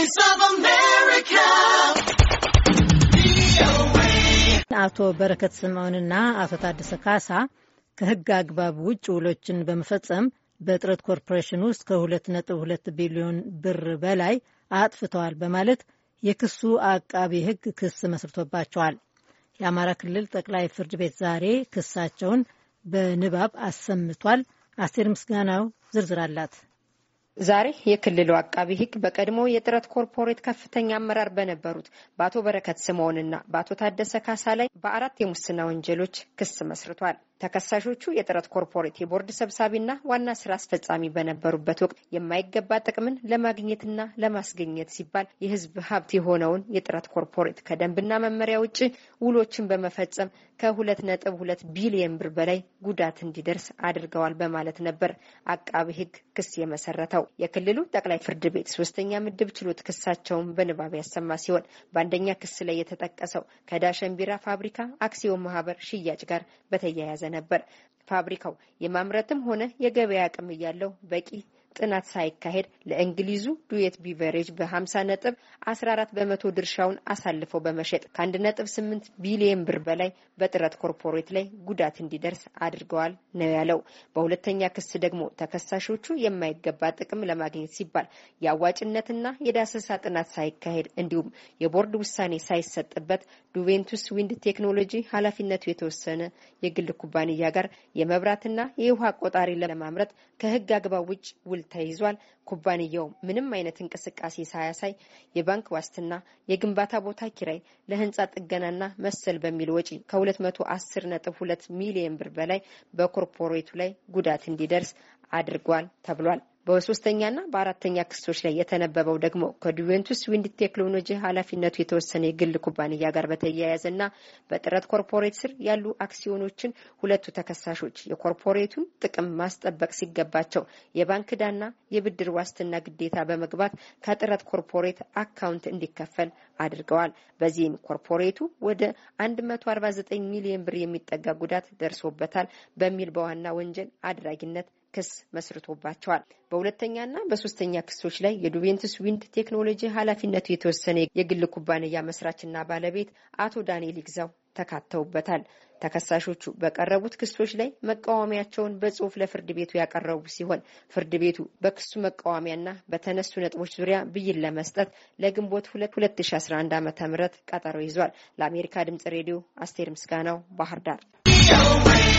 Voice of America. አቶ በረከት ስምዖንና አቶ ታደሰ ካሳ ከሕግ አግባብ ውጭ ውሎችን በመፈጸም በጥረት ኮርፖሬሽን ውስጥ ከ2.2 ቢሊዮን ብር በላይ አጥፍተዋል በማለት የክሱ አቃቢ ሕግ ክስ መስርቶባቸዋል። የአማራ ክልል ጠቅላይ ፍርድ ቤት ዛሬ ክሳቸውን በንባብ አሰምቷል። አስቴር ምስጋናው ዝርዝር አላት። ዛሬ የክልሉ አቃቢ ሕግ በቀድሞ የጥረት ኮርፖሬት ከፍተኛ አመራር በነበሩት በአቶ በረከት ስምኦንና በአቶ ታደሰ ካሳ ላይ በአራት የሙስና ወንጀሎች ክስ መስርቷል። ተከሳሾቹ የጥረት ኮርፖሬት የቦርድ ሰብሳቢና ዋና ስራ አስፈጻሚ በነበሩበት ወቅት የማይገባ ጥቅምን ለማግኘትና ለማስገኘት ሲባል የህዝብ ሀብት የሆነውን የጥረት ኮርፖሬት ከደንብና መመሪያ ውጭ ውሎችን በመፈጸም ከሁለት ነጥብ ሁለት ቢሊየን ብር በላይ ጉዳት እንዲደርስ አድርገዋል በማለት ነበር አቃቢ ህግ ክስ የመሰረተው። የክልሉ ጠቅላይ ፍርድ ቤት ሶስተኛ ምድብ ችሎት ክሳቸውን በንባብ ያሰማ ሲሆን በአንደኛ ክስ ላይ የተጠቀሰው ከዳሸን ቢራ ፋብሪካ አክሲዮን ማህበር ሽያጭ ጋር በተያያዘ ነበር። ፋብሪካው የማምረትም ሆነ የገበያ አቅም እያለው በቂ ጥናት ሳይካሄድ ለእንግሊዙ ዱዌት ቢቨሬጅ በ50 ነጥብ 14 በመቶ ድርሻውን አሳልፈው በመሸጥ ከ1.8 ቢሊየን ብር በላይ በጥረት ኮርፖሬት ላይ ጉዳት እንዲደርስ አድርገዋል ነው ያለው። በሁለተኛ ክስ ደግሞ ተከሳሾቹ የማይገባ ጥቅም ለማግኘት ሲባል የአዋጭነትና የዳሰሳ ጥናት ሳይካሄድ እንዲሁም የቦርድ ውሳኔ ሳይሰጥበት ዱቬንቱስ ዊንድ ቴክኖሎጂ ኃላፊነቱ የተወሰነ የግል ኩባንያ ጋር የመብራትና የውሃ ቆጣሪ ለማምረት ከህግ አግባብ ውጭ ውል በኩል ተይዟል። ኩባንያው ምንም አይነት እንቅስቃሴ ሳያሳይ የባንክ ዋስትና፣ የግንባታ ቦታ ኪራይ፣ ለህንፃ ጥገናና መሰል በሚል ወጪ ከ210.2 ሚሊዮን ብር በላይ በኮርፖሬቱ ላይ ጉዳት እንዲደርስ አድርጓል ተብሏል። በሶስተኛና በአራተኛ ክሶች ላይ የተነበበው ደግሞ ከዱቬንቱስ ዊንድ ቴክኖሎጂ ኃላፊነቱ የተወሰነ የግል ኩባንያ ጋር በተያያዘና በጥረት ኮርፖሬት ስር ያሉ አክሲዮኖችን ሁለቱ ተከሳሾች የኮርፖሬቱን ጥቅም ማስጠበቅ ሲገባቸው የባንክ ዕዳና የብድር ዋስትና ግዴታ በመግባት ከጥረት ኮርፖሬት አካውንት እንዲከፈል አድርገዋል። በዚህም ኮርፖሬቱ ወደ 149 ሚሊዮን ብር የሚጠጋ ጉዳት ደርሶበታል በሚል በዋና ወንጀል አድራጊነት ክስ መስርቶባቸዋል። በሁለተኛና በሶስተኛ ክሶች ላይ የዱቬንትስ ዊንድ ቴክኖሎጂ ኃላፊነቱ የተወሰነ የግል ኩባንያ መስራችና ባለቤት አቶ ዳንኤል ይግዛው ተካተውበታል። ተከሳሾቹ በቀረቡት ክሶች ላይ መቃወሚያቸውን በጽሁፍ ለፍርድ ቤቱ ያቀረቡ ሲሆን ፍርድ ቤቱ በክሱ መቃወሚያና በተነሱ ነጥቦች ዙሪያ ብይን ለመስጠት ለግንቦት 2011 ዓ ም ቀጠሮ ይዟል። ለአሜሪካ ድምጽ ሬዲዮ አስቴር ምስጋናው ባህር ዳር